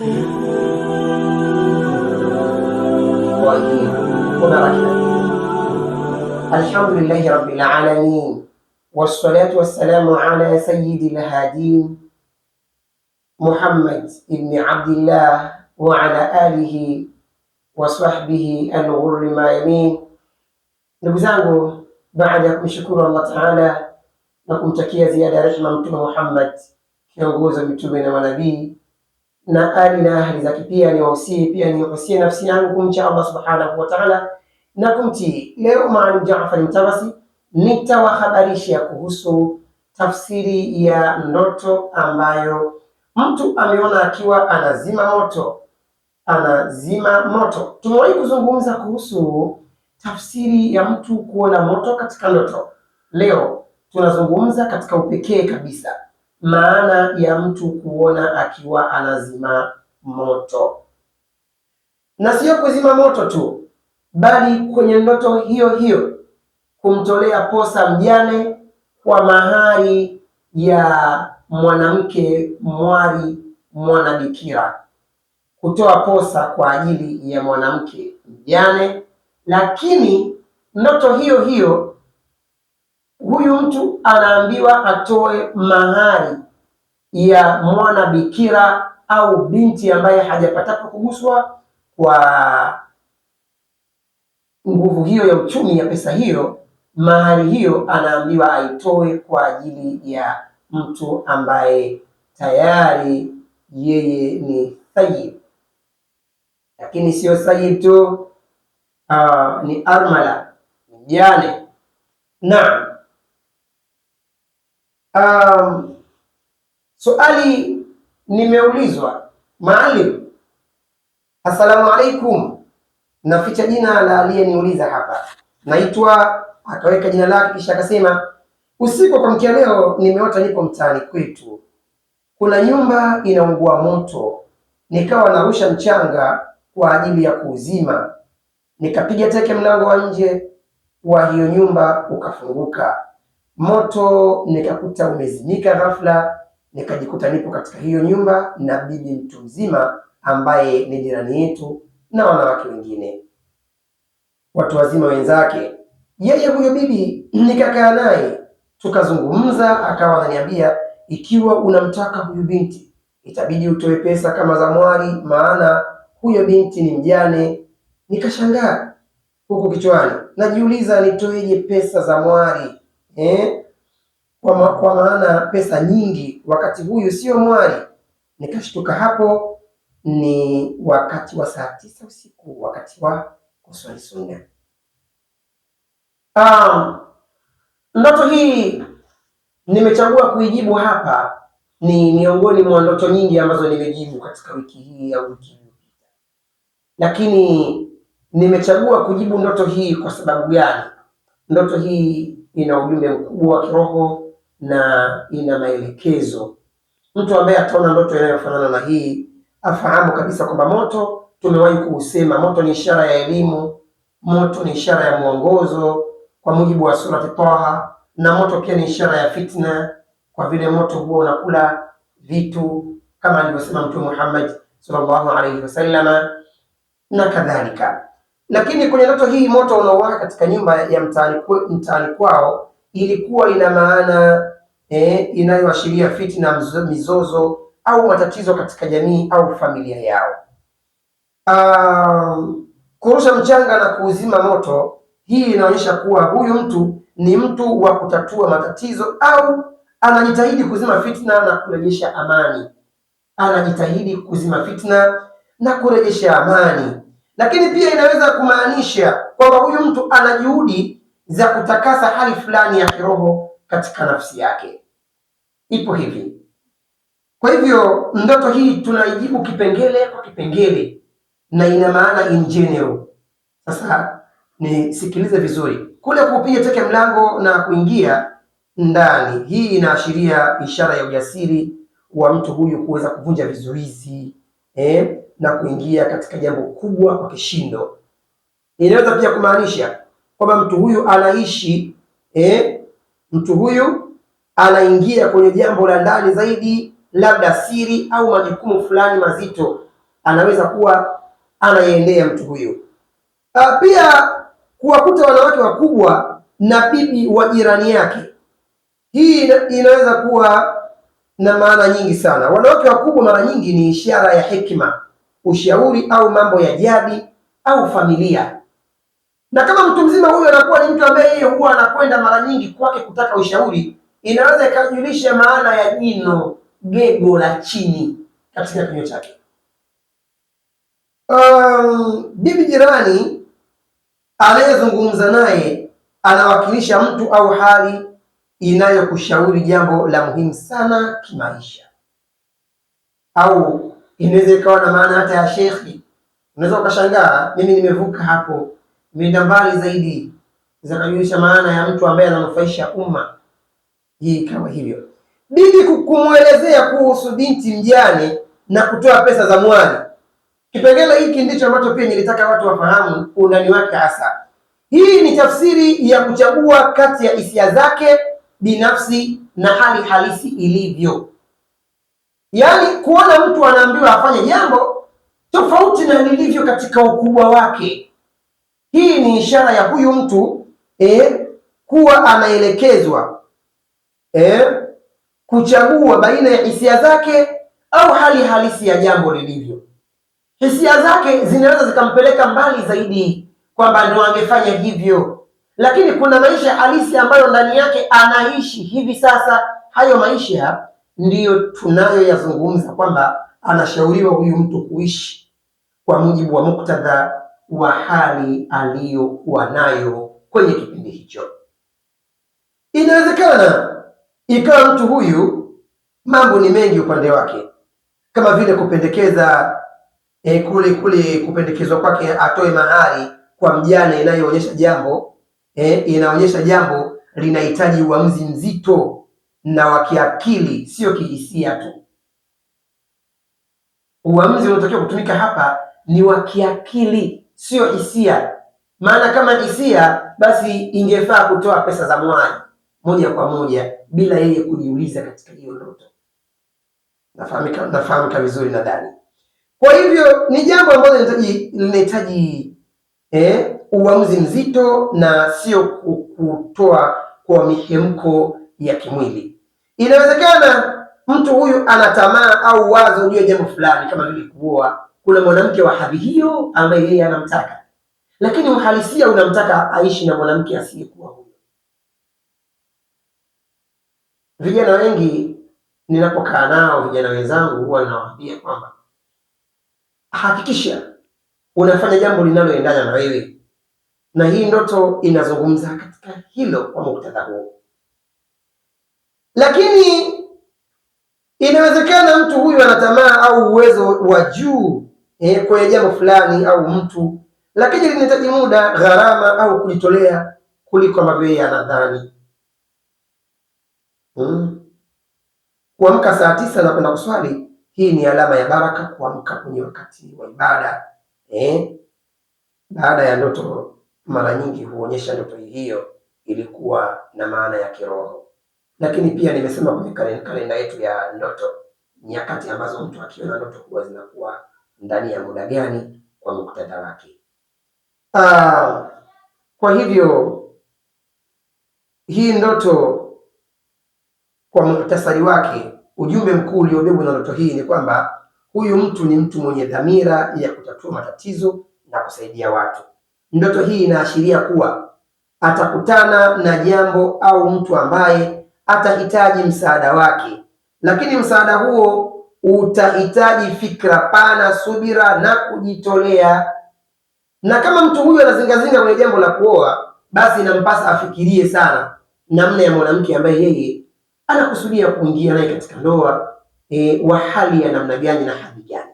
الحمد لله رب العالمين والصلاة والسلام على سيد الهادين محمد بن عبد الله وعلى آله وصحبه الغر ما يمين نبزانغو بعد أن شكر الله تعالى نقوم تكيا زيادة رحمة محمد كيوغوزا من ونبيه na ali na ahli zake. Pia niwausie pia niusie nafsi yangu kumcha Allah subhanahu wa ta'ala na kumtii. Leo Maalim Jaafar Mtavassy nitawahabarisha kuhusu tafsiri ya ndoto ambayo mtu ameona akiwa anazima moto, anazima moto. Tumewahi kuzungumza kuhusu tafsiri ya mtu kuona moto katika ndoto. Leo tunazungumza katika upekee kabisa maana ya mtu kuona akiwa anazima moto, na siyo kuzima moto tu, bali kwenye ndoto hiyo hiyo kumtolea posa mjane kwa mahari ya mwanamke mwari mwanabikira, kutoa posa kwa ajili ya mwanamke mjane, lakini ndoto hiyo hiyo huyu mtu anaambiwa atoe mahari ya mwana bikira au binti ambaye hajapataka kuguswa kwa nguvu hiyo ya uchumi ya pesa hiyo. Mahari hiyo anaambiwa aitoe kwa ajili ya mtu ambaye tayari yeye ni thayib, lakini siyo thayib tu, uh, ni armala mjane Naam um, swali nimeulizwa, maalim, assalamu alaikum, naficha jina la aliyeniuliza hapa, naitwa akaweka jina lake, kisha akasema usiku wa kuamkia leo nimeota nipo mtaani kwetu, kuna nyumba inaungua moto, nikawa narusha mchanga kwa ajili ya kuuzima, nikapiga teke mlango wa nje wa hiyo nyumba ukafunguka moto, nikakuta umezimika ghafla, nikajikuta nipo katika hiyo nyumba na bibi mtu mzima ambaye ni jirani yetu na wanawake wengine watu wazima wenzake. Yeye huyo bibi nikakaa naye tukazungumza, akawa ananiambia ikiwa unamtaka huyu binti itabidi utoe pesa kama za mwari, maana huyo binti ni mjane. Nikashangaa huku kichwani, najiuliza nitoeje pesa za mwari eh, kwa, ma, kwa maana pesa nyingi. Wakati huyu sio mwali. Nikashtuka hapo ni wakati wa saa tisa usiku, wakati wa kuswali sunna. Um, ndoto hii nimechagua kuijibu hapa, ni miongoni mwa ndoto nyingi ambazo nimejibu katika wiki hii au wiki iliyopita, lakini nimechagua kujibu ndoto hii kwa sababu gani? Ndoto hii ina ujumbe mkubwa wa kiroho na ina maelekezo. Mtu ambaye ataona ndoto inayofanana na hii afahamu kabisa kwamba moto, tumewahi kuusema, moto ni ishara ya elimu, moto ni ishara ya mwongozo kwa mujibu wa surati Taha, na moto pia ni ishara ya fitna, kwa vile moto huo unakula vitu kama alivyosema Mtume Muhammad sallallahu alaihi wasallama na kadhalika. Lakini kwenye ndoto hii moto unaowaka katika nyumba ya mtaani mtaani kwao ilikuwa ina maana eh, inayoashiria fitina, mizozo au matatizo katika jamii au familia yao. Um, kurusha mchanga na kuuzima moto, hii inaonyesha kuwa huyu mtu ni mtu wa kutatua matatizo au anajitahidi kuzima fitna na kurejesha amani. Anajitahidi kuzima fitna na kurejesha amani lakini pia inaweza kumaanisha kwamba huyu mtu ana juhudi za kutakasa hali fulani ya kiroho katika nafsi yake, ipo hivi. Kwa hivyo ndoto hii tunaijibu kipengele kwa kipengele na ina maana in general. Sasa nisikilize vizuri, kule kupiga teke mlango na kuingia ndani, hii inaashiria ishara ya ujasiri wa mtu huyu kuweza kuvunja vizuizi eh? na kuingia katika jambo kubwa kwa kishindo. Inaweza pia kumaanisha kwamba mtu huyu anaishi eh, mtu huyu anaingia kwenye jambo la ndani zaidi, labda siri au majukumu fulani mazito, anaweza kuwa anayeendea mtu huyu. A, ah, pia kuwakuta wanawake wakubwa na bibi wa jirani yake, hii inaweza kuwa na maana nyingi sana. Wanawake wakubwa mara nyingi ni ishara ya hekima ushauri au mambo ya jadi au familia. Na kama mtu mzima huyo anakuwa ni mtu ambaye yeye huwa anakwenda mara nyingi kwake kutaka ushauri, inaweza ikajulisha maana ya jino gego la chini katika kinywa chake. Um, bibi jirani anayezungumza naye anawakilisha mtu au hali inayokushauri jambo la muhimu sana kimaisha au inaweza ikawa na maana hata ya shekhi. Unaweza ukashangaa, mimi nimevuka hapo, nimeenda mbali zaidi, zakajulisha maana ya mtu ambaye ananufaisha umma. Hii kama hivyo. Bibi kumwelezea kuhusu binti mjane na kutoa pesa za mwali. Kipengele hiki ndicho ambacho pia nilitaka watu wafahamu undani wake hasa. Hii ni tafsiri ya kuchagua kati ya hisia zake binafsi na hali halisi ilivyo. Yaani kuona mtu anaambiwa afanye jambo tofauti na lilivyo katika ukubwa wake, hii ni ishara ya huyu mtu eh, kuwa anaelekezwa eh, kuchagua baina ya hisia zake au hali halisi ya jambo lilivyo. Hisia zake zinaweza zikampeleka mbali zaidi, kwamba ndio angefanya hivyo, lakini kuna maisha halisi ambayo ndani yake anaishi hivi sasa, hayo maisha ndiyo tunayoyazungumza kwamba anashauriwa huyu mtu kuishi kwa mujibu wa muktadha wa hali aliyokuwa nayo kwenye kipindi hicho. Inawezekana ikawa mtu huyu mambo ni mengi upande wake, kama vile kupendekeza e, kule kule kupendekezwa kwake atoe mahari kwa mjane inayoonyesha jambo e, inaonyesha jambo linahitaji uamuzi mzito na wa kiakili, sio kihisia tu. Uamuzi unaotakiwa kutumika hapa ni wa kiakili, sio hisia. Maana kama hisia, basi ingefaa kutoa pesa za mwai moja kwa moja bila yeye kujiuliza katika hiyo ndoto. Nafahamika, nafahamika vizuri nadhani. Kwa hivyo ni jambo ambalo linahitaji eh, uamuzi mzito na sio kutoa kwa mihemko ya kimwili. Inawezekana mtu huyu ana tamaa au wazo juu ya jambo fulani, kama vile kuoa. Kuna mwanamke wa hadhi hiyo ambaye yeye anamtaka, lakini uhalisia unamtaka aishi na mwanamke asiyekuwa huyo. Vijana wengi ninapokaa nao, vijana wenzangu, huwa ninawaambia kwamba hakikisha unafanya jambo linaloendana na wewe, na hii ndoto inazungumza katika hilo kwa muktadha huo. Lakini inawezekana mtu huyu ana tamaa au uwezo wa juu eh, kwenye jambo fulani au mtu, lakini linahitaji muda, gharama au kujitolea kuliko ambavyo yeye anadhani. Hmm. Kuamka saa tisa na kwenda kuswali, hii ni alama ya baraka. Kuamka kwenye wakati wa ibada eh, baada ya ndoto mara nyingi huonyesha ndoto hiyo ilikuwa na maana ya kiroho. Lakini pia nimesema kwenye kalenda yetu ya ndoto, nyakati ambazo mtu akiona ndoto kuwa zinakuwa ndani ya muda gani kwa muktadha wake. Ah, kwa hivyo hii ndoto kwa muhtasari wake, ujumbe mkuu uliobebwa na ndoto hii ni kwamba huyu mtu ni mtu mwenye dhamira ya kutatua matatizo na kusaidia watu. Ndoto hii inaashiria kuwa atakutana na jambo au mtu ambaye atahitaji msaada wake, lakini msaada huo utahitaji fikra pana, subira na kujitolea. Na kama mtu huyu anazingazinga kwenye jambo la kuoa, basi inampasa afikirie sana namna ya mwanamke ambaye yeye anakusudia kuingia naye katika ndoa e, wa hali ya namna gani na hali gani.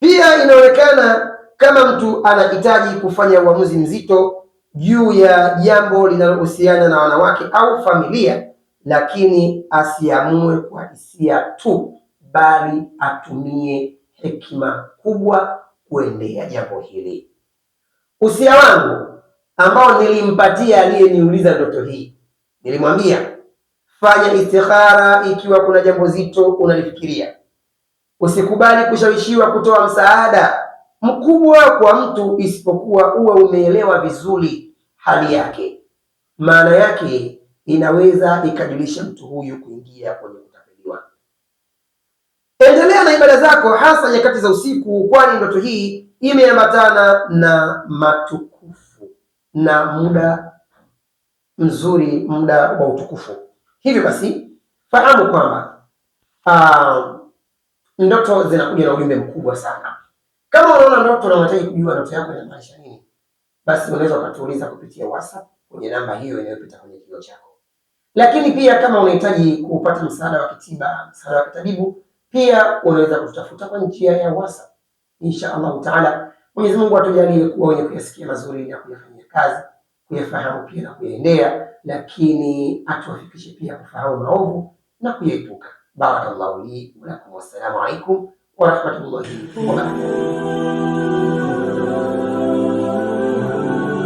Pia inaonekana kama mtu anahitaji kufanya uamuzi mzito juu ya jambo linalohusiana na wanawake au familia, lakini asiamue kwa hisia tu, bali atumie hekima kubwa kuendea jambo hili. Usia wangu ambao nilimpatia aliyeniuliza ndoto hii, nilimwambia fanya istikhara ikiwa kuna jambo zito unalifikiria. Usikubali kushawishiwa kutoa msaada mkubwa kwa mtu isipokuwa uwe umeelewa vizuri hali yake. Maana yake inaweza ikadirisha mtu huyu kuingia kwenye kutapeliwa. Endelea na ibada zako hasa nyakati za usiku, kwani ndoto hii imeambatana na matukufu na muda mzuri, muda wa utukufu. Hivyo basi fahamu kwamba ah, ndoto zinakuja na ujumbe mkubwa sana. Kama unaona ndoto na unataka kujua ndoto yako inamaanisha nini, basi unaweza ukatuuliza kupitia WhatsApp kwenye namba hiyo inayopita kwenye kioo chako. Lakini pia kama unahitaji kupata msaada wa kitiba, msaada wa kitabibu, pia unaweza kututafuta kwa njia ya WhatsApp. Insha Allah taala, Mwenyezi Mungu atujalie kuwa wenye kuyasikia mazuri na kuyafanyia kazi, kuyafahamu pia na kuyaendea, lakini atuwafikishe pia kufahamu maovu na kuyaepuka. Barakallahu li wa walakum, wassalamu alaikum ওরহমতুল্লাহি ওয়া বারাকাতুহু